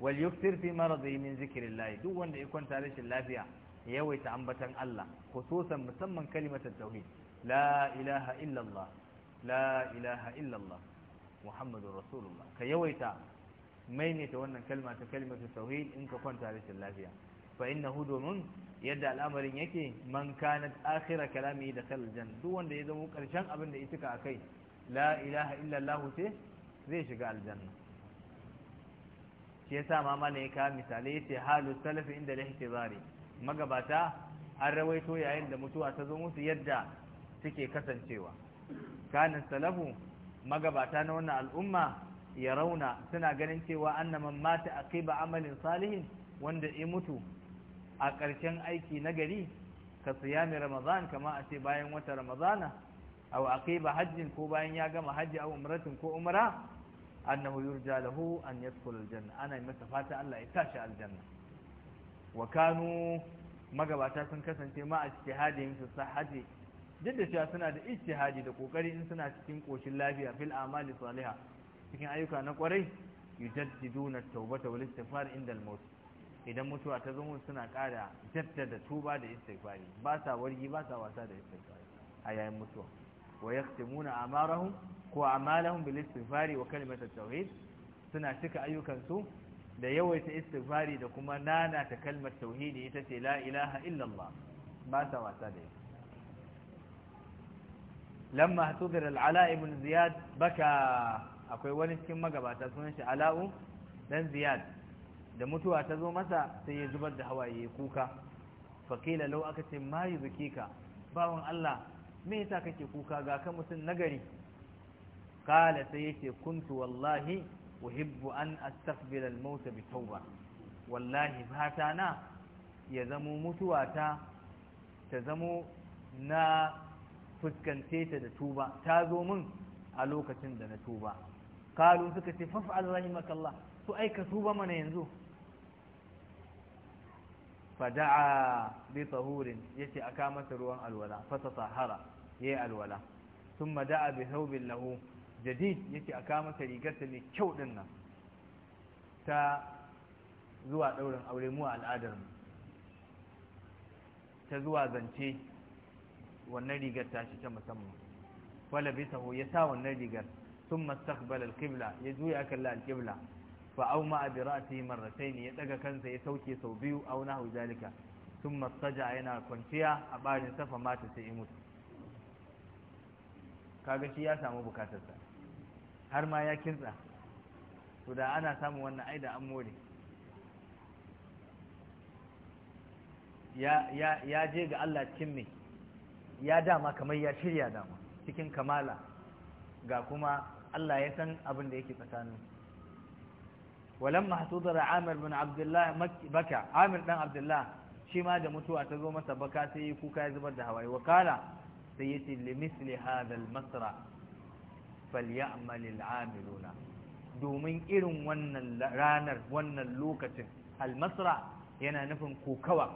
wal yuftir fi maradi min zikrillah duk wanda ya kwanta rashin lafiya ya yawaita ambatan Allah khususan musamman kalimatar tauhid la ilaha illallah la ilaha illallah muhammadun rasulullah ka yawaita maimaita wannan kalma ta kalimatu tauhid in ka kwanta rashin lafiya fa innahu domin yadda al'amarin yake man kanat akhira kalami da kaljan duk wanda ya zama karshen abin da ya tuka akai la ilaha illallah Allah zai shiga aljanna shi yasa ma mala ya kawo misalai yace halu salafi inda al-ihtibari magabata an rawaito yayin da mutuwa ta zo musu yadda suke kasancewa kana salafu magabata na wannan al'umma ya rauna suna ganin cewa annaman mata aqiba amalin salihin wanda ya mutu a ƙarshen aiki na gari ka siyami ramadan kama a ce bayan wata ramadana aw aqiba hajjin ko bayan ya gama hajji aw umratin ko umra annahu yurja lahu an yadkhul aljanna ana yi masa fata Allah ya tashi aljanna wa kanu magabata sun kasance ma a ijtihadin su sahhaji duk da cewa suna da ijtihadi da kokari in suna cikin koshin lafiya fil amali salihah cikin ayyuka na kwarai yujaddiduna at-taubata wal istighfar inda al-maut idan mutuwa ta zo suna ƙara jaddada tuba da istighfari ba sa wargi ba sa wasa da istighfari a yayin mutuwa wa yaqtimuna amarahum ko amalahum bil istighfari wa kalimat tauhid suna cika ayyukansu da yawaita istighfari da kuma nana ta kalmar tauhidi ita ce la ilaha illallah ba ta wasa da ita lamma hatudir al'ala ibn ziyad baka akwai wani cikin magabata sunan shi ala'u dan ziyad da mutuwa ta zo masa sai ya zubar da hawaye kuka fakila lau aka ce ma yuzkika bawon Allah me yasa kake kuka ga ka mutum nagari kala sai yake kuntu wallahi uhibbu an astaghfira al-maut bi tauba wallahi fata na ya zamo mutuwata ta zamo na fuskance ta da tuba ta zo min a lokacin da na tuba kalu suka ce faf'al rahimakallah to ai ka tuba mana yanzu fada'a bi tahurin yace aka masa ruwan alwala fatatahara yayi alwala thumma da'a bi thawbin jadid yake a kawo masa rigarta mai kyau din nan ta zuwa daurin aure mu a al'adar mu ta zuwa zance wannan rigar ta shi ta musamman wala sahu ya sa wannan rigar sun mastaqbal al-qibla ya juya kalla al-qibla fa auma bi ra'sihi marratayn ya daga kansa ya sauke sau biyu aw nahu zalika thumma saja yana kwanciya a barin safa mata sai ya mutu kaga shi ya samu bukatarsa har ma ya kintsa to da ana samun wannan aida an more ya je ga Allah cikin ya dama kamar ya shirya dama cikin kamala ga kuma Allah ya san abin da yake tsakanin walamma hasudara Amir bin Abdullah baka Amir dan Abdullah shi ma da mutuwa ta zo masa baka sai kuka ya zubar da hawaye wakala sai yace limisli hadha masra falyamalil amiluna domin irin wannan ranar wannan lokacin almasra yana nufin kokawa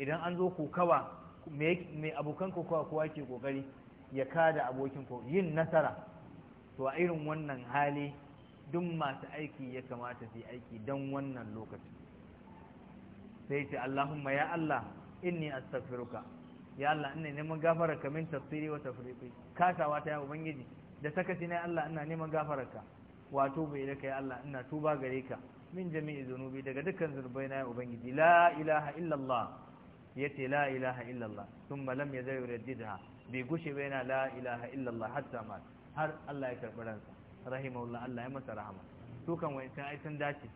idan an zo kokawa mai abokan kokawa kowa ke kokari ya kada abokin ko yin nasara to a irin wannan hali duk masu aiki ya kamata su aiki don wannan lokacin sai ce Allahumma ya Allah inni astaghfiruka ya Allah ina neman gafara ka min tafsiri wa tafriqi kasawa ta ya ubangiji da sakaci na Allah ina neman gafara ka wato bai da kai Allah ina tuba gare ka min jami'i zunubi daga dukkan zunubai na ya ubangiji la ilaha illallah yace la ilaha illallah thumma lam yazal yuraddidha bai gushe bai na la ilaha illallah hatta ma har Allah ya karbi ransa rahimahullah Allah ya masa rahama su kan wa'in ai sun dace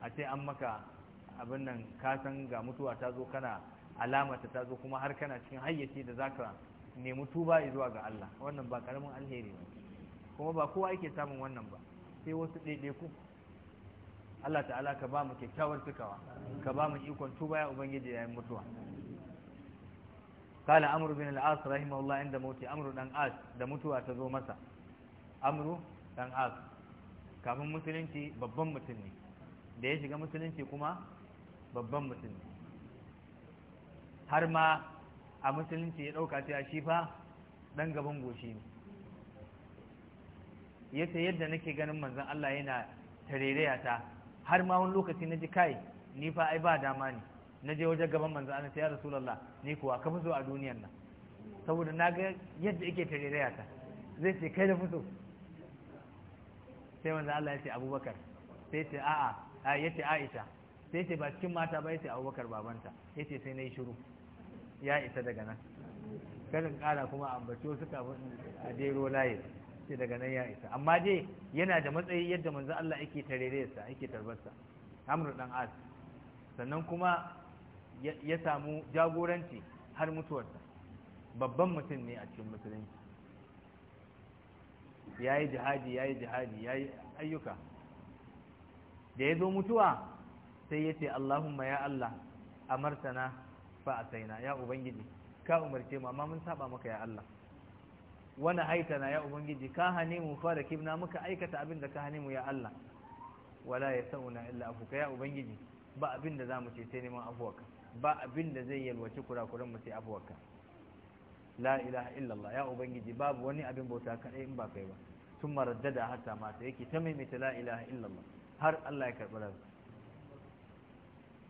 a ce an maka abin nan ka san ga mutuwa ta zo kana alamata ta zo kuma har kana cikin hayyaci da zaka nemi tuba zuwa ga Allah wannan ba karamin alheri ba kuma ba kowa yake samun wannan ba sai wasu ku? Allah ta'ala ka ba mu kyakkyawar tukawa ka ba mu ikon tuba ya ubangiji yayin mutuwa قال عمرو بن العاص رحمه الله عند موت عمرو دان عاص da mutuwa ta zo masa amru dan as kafin musulunci babban mutum ne da ya shiga musulunci kuma babban mutum ne har ma a musulunci ya ɗauka cewa shi fa ɗan gaban goshi ne ya ce yadda nake ganin manzan Allah yana tarereya ta har ma wani lokaci na ji kai ni fa ai ba dama ne na je wajen gaban manzan Allah sai ya rasu rasulullah ni kuwa ka fi so a duniyar nan saboda na ga yadda yake tarereya ta zai ce kai da fi sai manzan Allah ya ce Abubakar sai ce a'a ya ce Aisha sai ce ba cikin mata ba ya ce Abubakar babanta ya ce sai na yi shiru ya isa daga nan karin kara kuma ambaci wasu kafin a dero layi ce daga nan ya isa amma dai yana da matsayi yadda manzo Allah yake sa yake tarbarsa amru dan as sannan kuma ya samu jagoranci har mutuwarsa babban mutum ne a cikin musulunci ya yi jihadi ya yi jihadi ya yi ayyuka da ya zo mutuwa sai ya ce Allahumma ya Allah a amartana fa asaina ya ubangiji ka umarce mu amma mun saba maka ya Allah wani haitana ya ubangiji ka hane mu fa rakibna muka aikata abin da ka hane mu ya Allah wala yasauna illa afuka ya ubangiji ba abin da zamu ce sai neman afuwarka ba abin da zai yalwaci kurakuran mu sai afuwarka la ilaha illallah ya ubangiji babu wani abin bauta kadai in ba kai ba tun maraddada hatta sai yake ta maimaita la ilaha illallah har Allah ya karɓi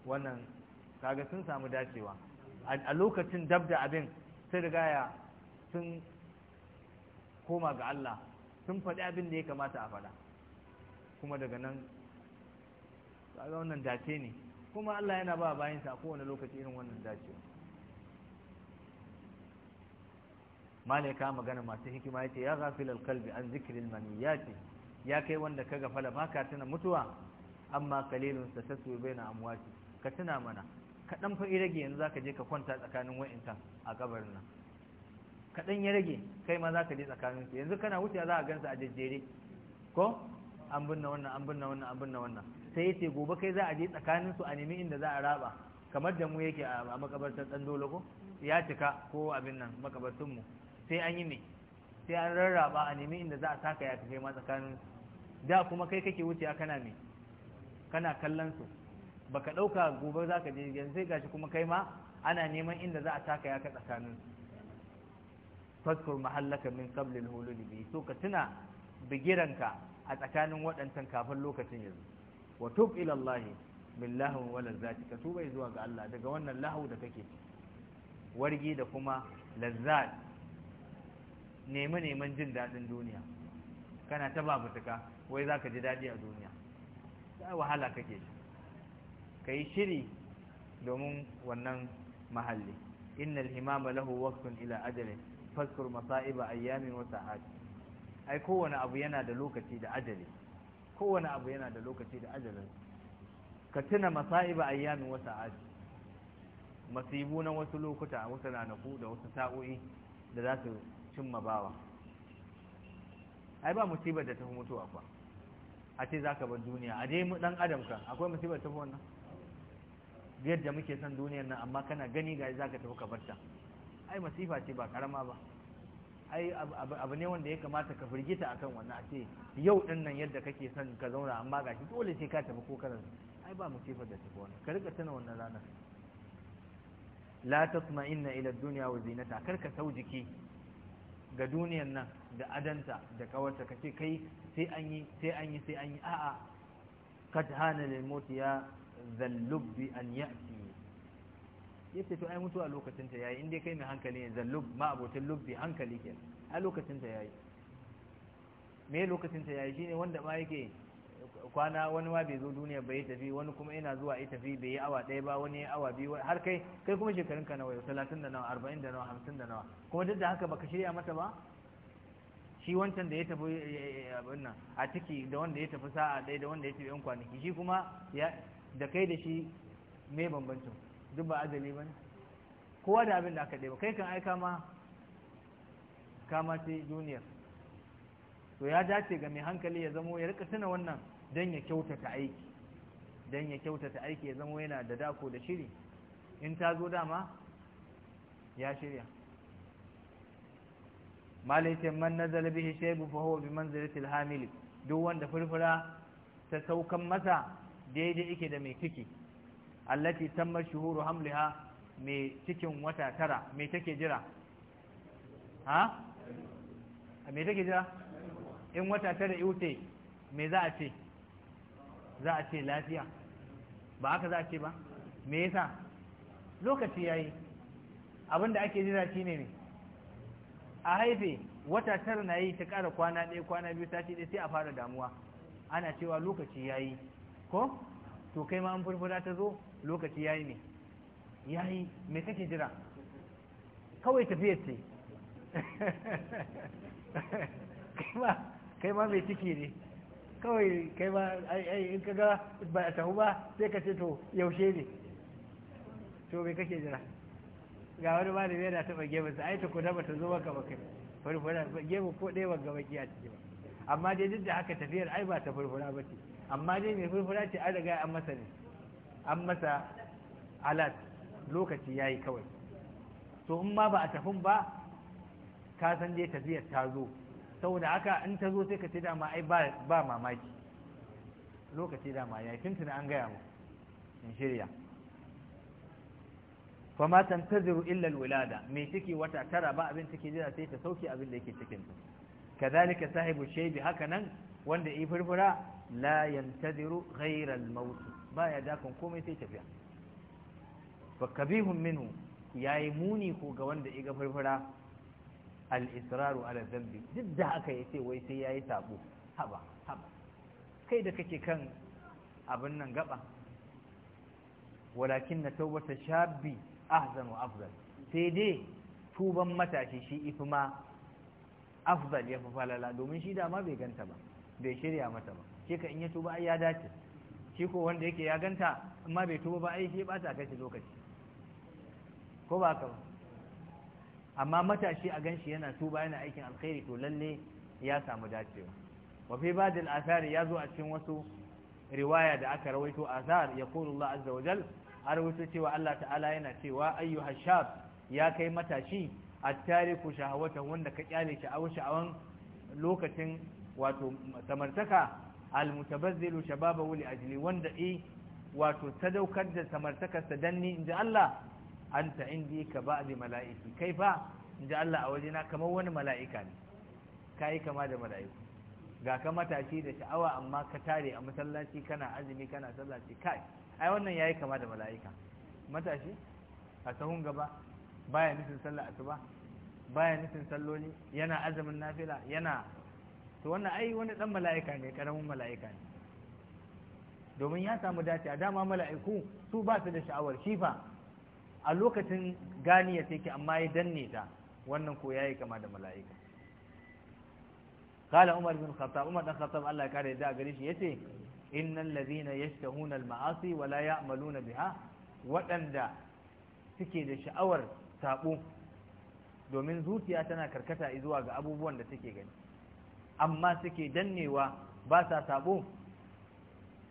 wannan kaga sun samu dacewa a lokacin dab da abin sai da gaya sun koma ga Allah sun faɗi abin da ya kamata a faɗa kuma daga nan kaga wannan dace ne kuma Allah yana ba bayansa a kowane lokaci irin wannan dacewa malaika magana masu hikima yace ya ghafil alqalbi an zikirin maniyati ya kai wanda ka gafala baka tuna mutuwa amma qalilun sataswi baina amwati ka tuna mana kaɗan fa rage yanzu za ka je ka kwanta tsakanin wa'incan a kabarin nan kaɗan ya rage kai ma za ka je tsakanin su yanzu kana wuce za a gansa a jejjere ko an binne wannan an binne wannan an binne wannan sai yace gobe kai za a je tsakanin su a nemi inda za a raba kamar da mu yake a makabartar dan dole ko ya cika ko abin nan makabartun mu sai an yi me sai an rarraba a nemi inda za a saka ya kai ma tsakanin da kuma kai kake wuce kana me kana kallon su baka ɗauka gobe za ka je yanzu sai gashi kuma kai ma ana neman inda za a taka ya ka tsakanin faskur mahallaka min qablil hulul bi so ka tuna bigiranka a tsakanin waɗancan kafin lokacin yanzu wa tub ila Allah min lahwin wa lazzati ka tuba zuwa ga Allah daga wannan lahu da kake wargi da kuma lazzat neman neman jin daɗin duniya kana ta babutuka wai za ka ji daɗi a duniya wahala kake shi ka yi shiri domin wannan mahalli innal himama lahu waqtun ila ajali faskur masa'iba ayyamin wa sa'at ai kowane abu yana da lokaci da ajali kowane abu yana da lokaci da ajali ka tuna masa'iba ayyamin wa sa'at masibu na wasu lokuta a wasu ranaku da wasu sa'o'i da za su cimma bawa ai ba musibar da ta fi mutuwa ba a ce za ka bar duniya a dai dan adam ka akwai musibar ta wannan yadda muke son duniyar nan amma kana gani ga za ka tafi kabarta ai masifa ce ba karama ba ai abu ne wanda ya kamata ka firgita akan wannan a ce yau din nan yadda kake son ka zauna amma gashi dole sai ka tafi ko kana ai ba musifar da tafi wannan ka rika tuna wannan ranar la tatma'inna ila dunya wa zinata kar ka sau jiki ga duniyar nan da adanta da kawarta ka kai sai an yi sai an yi sai an yi a'a kad hana lil zallubbi an ya'ti ya ce to ai mutuwa lokacin ta yayi inda kai mai hankali ne zallub ma abotin lubbi hankali ke a lokacin ta yayi me lokacin ta yayi shine wanda ma yake kwana wani ma bai zo duniya bai tafi wani kuma yana zuwa ya tafi bai yi awa ɗaya ba wani ya awa biyu har kai kai kuma shekarun ka nawa talatin da nawa arba'in da nawa hamsin da nawa kuma duk da haka baka shirya mata ba shi wancan da ya tafi eh, eh, eh, abin nan a ciki da wanda ya tafi sa'a ɗaya da wanda ya tafi yan kwanaki shi kuma ya da kai da shi me bambancin duk ba ajali ba ne kowa da abin da aka ɗaya kai kan aika ma kama ce duniyar to ya dace ga mai hankali ya zamo ya rika tuna wannan don ya kyautata aiki don ya kyautata aiki ya zamo yana da dako da shiri in ta zo dama ya shirya malaitin man nazala bihi shaibu fa huwa bi manzilati al-hamil duk wanda furfura ta saukan masa daidai yake da mai ciki allati tamma shuhuru hamliha mai cikin wata tara mai take jira ha mai take jira in wata tara iute me za a ce za a ce lafiya ba haka za a ce ba me yasa lokaci yayi abinda ake jira shine ne a haife wata tara na yi ta ƙara kwana ɗaya kwana biyu ta ce sai a fara damuwa ana cewa lokaci ya yi ko to kai ma an furfura ta zo lokaci yayi ne yayi me kake jira kawai tafiyar ce kai ma mai ciki ne kawai kai ma in ka ga ba a tahu ba sai ka ce to yaushe ne to me kake jira ga wani malami yana taɓa gemu sa ai tukuna ba ta zo maka ba kai furfura gemu ko ɗaya ba gaba a ciki ba amma dai duk da haka tafiyar ai ba ta furfura ba ce amma dai mai furfura ce an riga an masa ne an masa alat lokaci ya yi kawai to in ma ba a tafin ba ka san dai tafiyar ta zo saboda haka in ta zo sai ka ce dama ai ba mamaki lokaci dama ya yi tuntuna an gaya mu in shirya fama tantaziru illa alwilada mai ciki wata tara ba abin take jira sai ta sauke abin da yake cikin ta kadalika sahibu shaybi haka nan wanda yi furfura la yantadiru ghayra al-maut baya dakon komai sai tafiya fa kabihum minhu yayi muni ko ga wanda iga farfara al-israru ala dhanbi duk da haka yace wai sai yayi sabo haba haba kai da kake kan abin nan gaba walakin na taubata shabbi ahzan afdal sai dai tuban matashi shi ifi ma afdal ya fi falala domin shi dama bai ganta ba bai shirya mata ba shi ka in ya tuba ai ya dace shi ko wanda yake ya ganta amma bai tuba ba ai shi ba ta kashi lokaci ko ba ka amma matashi a ganshi yana tuba yana aikin alkhairi to lalle ya samu dacewa wa fi badil athar ya zo a cikin wasu riwaya da aka rawaito azar ya kulu Allah azza wa jal a cewa Allah ta'ala yana cewa ayyuha shab ya kai matashi at-tariku wanda ka kyale sha'awan lokacin wato samartaka almutabazzilu shababahu li ajli wanda eh wato sadaukar da samartakarsa dan ni inji Allah anta indi ka ba'di mala'iki kai fa inji Allah a wajena kamar wani mala'ika ne kai kama da mala'iku ga ka matashi da sha'awa amma ka tare a masallaci kana azumi kana sallaci kai ai wannan yayi kama da mala'ika matashi a sahun gaba baya nufin sallah asuba baya nufin salloli yana azumin nafila yana to wannan ai wani dan mala'ika ne karamin mala'ika ne domin ya samu dace a dama mala'iku su ba su da sha'awar shifa a lokacin gani ya take amma ya danne ta wannan ko yayi kama da mala'ika qala umar bin khattab umar dan khattab Allah ya kare da gare shi yace innal ladhina yashtahuna al ma'asi wa la ya'maluna biha waɗanda suke da sha'awar sabo domin zuciya tana karkata zuwa ga abubuwan da take gani amma suke dannewa ba sa sabo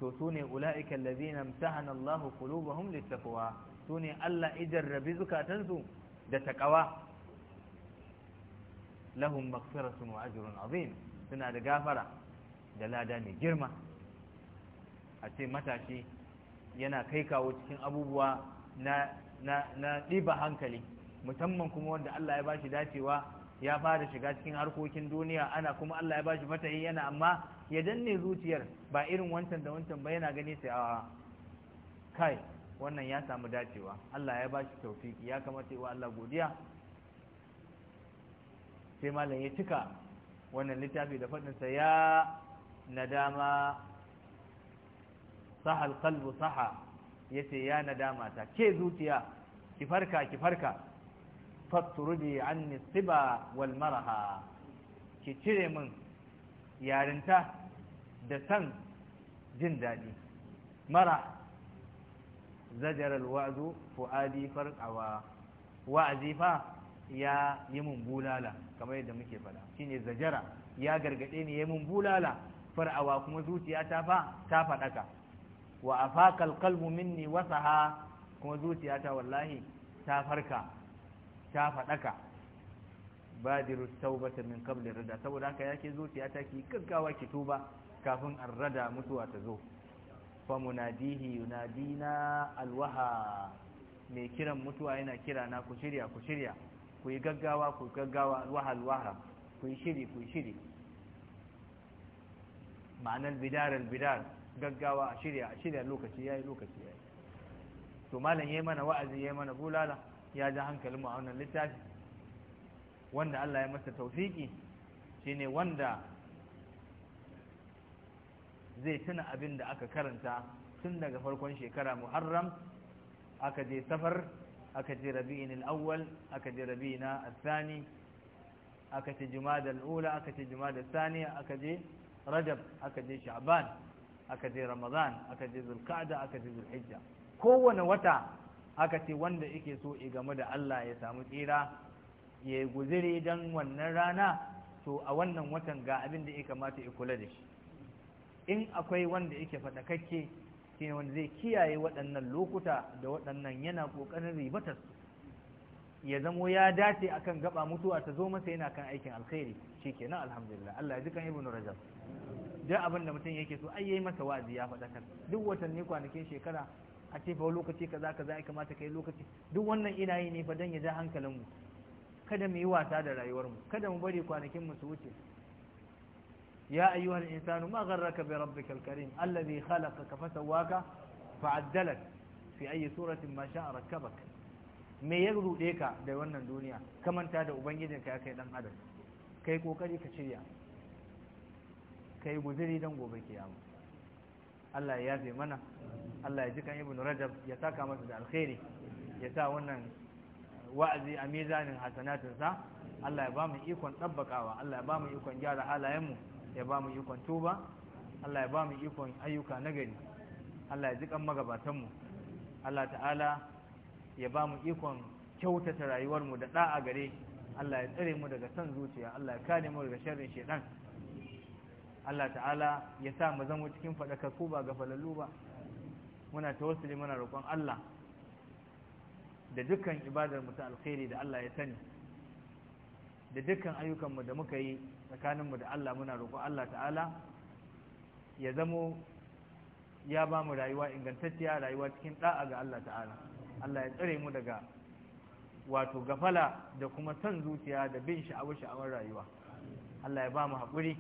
to sune ula'ika allazina imtahana Allah qulubuhum littaqwa sune Allah ijarrabi zukatansu da taqwa lahum maghfiratun wa ajrun azim suna da gafara da lada mai girma a ce matashi yana kai kawo cikin abubuwa na na na hankali musamman kuma wanda Allah ya bashi dacewa ya fara shiga cikin harkokin duniya ana kuma Allah ya ba shi fatahi yana amma ya danne zuciyar ba irin wancan da wancan ba yana gani sai a kai wannan ya samu dacewa Allah ya ba shi taufiki ya kamata wa Allah godiya sai malam ya cika wannan littafi da faɗinsa ya nadama sahal qalbu saha yace ya nadama ta ke zuciya ki farka ki farka fasturudi anni siba wal maraha ki cire min yarinta da san jin daɗi mara zajarar wa'azu fu'adi farkawa wa'azi fa ya yi mun bulala kamar yadda muke faɗa shine zajara ya gargaɗe ni ya yi mun bulala far'awa kuma zuciya ta fa ta faɗaka wa afaqal qalbu minni wasaha kuma zuciya ta wallahi ta farka ta faɗaka ba badiru taubata min qabli rada saboda haka yake zo ta ki gaggawa ki tuba kafin an rada mutuwa ta zo fa munadihi yunadina alwaha mai kiran mutuwa yana kira na ku shirya ku shirya ku yi gaggawa ku gaggawa alwaha alwaha ku yi shiri ku yi shiri ma'anar bidar albidar gaggawa a shirya a shirya lokaci ya yi lokaci yi to malam yi mana wa'azi ya yi mana bulala ya ji hankalin mu a wannan littafi wanda Allah ya masa taufiki shine wanda zai tuna abin da aka karanta tun daga farkon shekara muharram aka je safar aka je rabi'in al-awwal aka je rabi'ina al-thani aka ce jumada al-ula aka ce jumada al aka je rajab aka je sha'ban aka je ramadan aka je zulqa'da aka je zulhijja kowane wata aka ce wanda yake so ya game da Allah ya samu tsira ya guziri don wannan rana to a wannan watan ga abin da ya kamata ya kula da shi in akwai wanda yake faɗakakke shi wanda zai kiyaye waɗannan lokuta da waɗannan yana ƙoƙarin ribatar ya zamo ya dace akan gaba mutuwa ta zo masa yana kan aikin alkhairi kenan alhamdulillah Allah ya ji kan ibnu rajab duk abin da mutum yake so ai yayi masa wa'azi ya faɗakar duk watanni kwanakin shekara a ce fa lokaci ka za kaza a ya kamata yi lokaci duk wannan ina yi ne fa don ya ja hankalinmu kada mu yi wasa da rayuwarmu kada mu bari kwanakin su wuce ya ayyuhal insanu ma gharraka bi rabbikal karim alladhi khalaqaka fa sawwaka fa'addalak fi ayi suratin ma sha'a rakabak me ya rude ka da wannan duniya kamanta da ka ya kai dan adam kai kokari ka shirya kai guzuri dan gobe kiyama Allah ya yafe mana Allah ya ji kan ibn rajab ya saka masa da alkhairi ya sa wannan wa'azi a mizanin hasanatinsa Allah ya ba mu ikon ɗabbakawa Allah ya ba mu ikon gyara halayenmu ya ba mu ikon tuba Allah ya ba mu ikon ayyuka na Allah ya ji kan magabatanmu Allah ta'ala ya ba mu ikon kyautata rayuwarmu da da'a gare Allah ya tsare mu daga san zuciya Allah ya kare mu daga sharrin shaitan Allah ta'ala ya sa mu zama cikin faɗakarku ba ga falallu ba muna ta wasuli muna roƙon Allah da dukkan ibadar mu ta alkhairi da Allah ya sani da dukkan ayyukan mu da muka yi tsakanin mu da Allah muna roƙon Allah ta'ala ya zamo ya ba mu rayuwa ingantacciya rayuwa cikin ɗa'a ga Allah ta'ala Allah ya tsare mu daga wato gafala da kuma son zuciya da bin sha'awar sha'awar rayuwa Allah ya ba mu haƙuri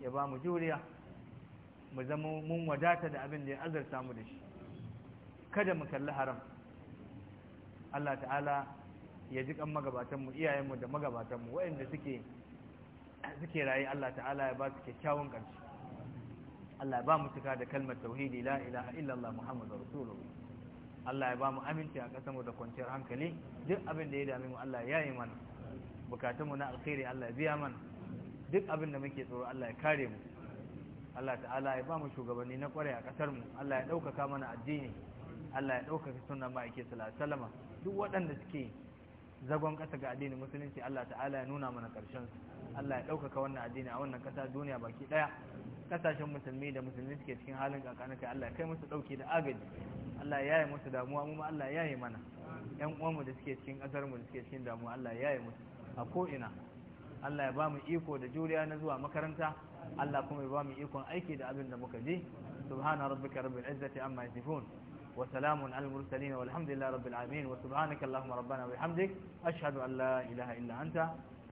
ya ba mu juriya mu zama mun wadata da abin da ya azarta mu da shi kada mu kalli haram Allah ta'ala ya ji kan magabatanmu iyayenmu da magabatanmu waɗanda suke suke raye Allah ta'ala ya ba su kyakkyawan ƙarshe Allah ya ba mu cika da kalmar tauhidi la ilaha illallah muhammadur rasulullah Allah ya ba mu aminci a kasanmu da kwanciyar hankali duk abin da ya dame mu Allah ya yi mana bukatunmu na alkhairi Allah ya biya mana duk abin da muke tsoro Allah ya kare mu Allah ta'ala ya ba mu shugabanni na kware a kasar mu Allah ya ɗaukaka mana addini Allah ya ɗaukaka sunan ma'aike salama duk waɗanda suke zagon ƙasa ga addinin musulunci Allah ta'ala ya nuna mana ƙarshen su Allah ya ɗaukaka wannan addini a wannan ƙasa duniya baki ɗaya ƙasashen musulmi da musulmi suke cikin halin kakanaka Allah ya kai musu ɗauki da agaji Allah ya yi musu damuwa mu Allah ya yi mana ƴan uwanmu da suke cikin mu da suke cikin damuwa Allah ya yi musu a ko ina Allah ya ba mu iko da juriya na zuwa makaranta Allah kuma ya ba mu ikon aiki da abin da muka ji subhana rabbika rabbil izzati amma yasifun wa salamun al mursalin walhamdulillahi rabbil alamin wa subhanaka allahumma rabbana wa bihamdik ashhadu an la ilaha illa anta